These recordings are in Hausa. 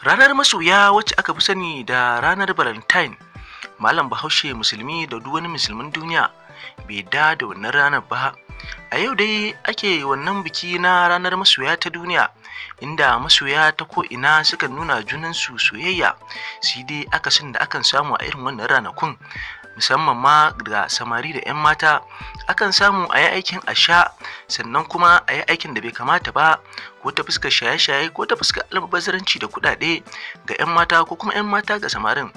ranar masoya wacce aka fi sani da ranar valentine malam bahaushe musulmi da duk wani musulmin duniya bai da da wannan ranar ba a yau dai ake wannan biki na ranar masoya ta duniya inda masoya ta ko'ina suka nuna junansu soyayya sai dai akasin da akan samu a irin wannan ranakun musamman ma ga samari da 'yan mata akan samu a yi aikin asha sannan kuma a yi aikin da bai kamata ba ko ta fuska shaye-shaye ko ta fuska albazaranci da kuɗaɗe ga 'yan mata ko kuma 'yan mata ga samarin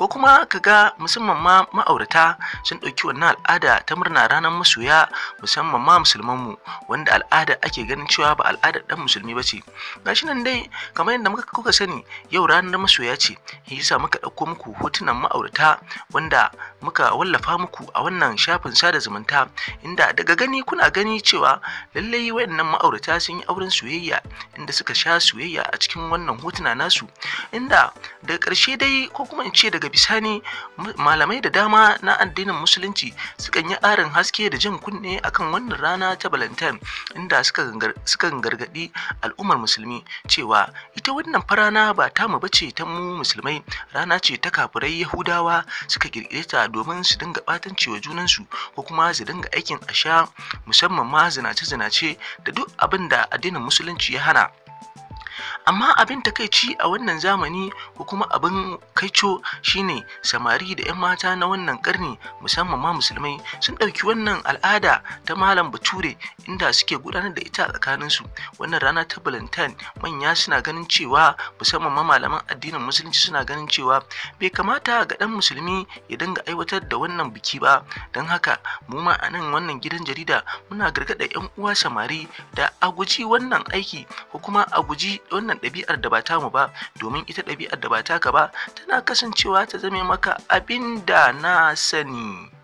ko kuma ka ga musamman ma ma'aurata sun ɗauki wannan al'ada ta murna ranar masoya musamman ma musulmanmu wanda al'ada ake ganin cewa ba al'adar ɗan musulmi ba ce gashi nan dai kamar yadda muka kuka sani yau ranar masoya ce yasa muka ɗauko muku hotunan ma'aurata wanda muka wallafa muku a wannan shafin sada zumunta inda daga gani kuna gani cewa lallai wayannan ma'aurata sun yi auren soyayya inda suka sha soyayya a cikin wannan hotuna nasu inda daga ƙarshe dai ko kuma in ce daga bisani malamai da dama na addinin musulunci sukan yi arin haske da jan kunne akan wannan rana ta Valentine inda sukan gargaɗi al'ummar musulmi cewa ita wannan farana ba ta mu bace ta mu musulmai rana ce ta kafirai Yahudawa suka kirkire ta domin su dinga batanci wa junansu ko kuma su dinga aikin asha musamman ma zinace-zinace da duk abinda addinin musulunci ya hana. amma abin takaici a wannan zamani ko kuma abin kaico shine samari da 'yan mata na wannan karni musamman ma musulmai sun ɗauki wannan al'ada ta malam bature inda suke gudanar da ita a tsakaninsu wannan rana ta valentine manya suna ganin cewa musamman ma malaman addinin musulunci suna ganin cewa bai kamata ga ɗan musulmi ya dinga aiwatar da wannan biki ba don haka mu ma a nan wannan gidan jarida muna gargaɗa 'yan uwa samari da a guji wannan aiki ko kuma a guji wannan ɗabi'ar da ba ta mu ba domin ita ɗabi'ar da ba ta ka ba tana kasancewa ta zame maka abin da na sani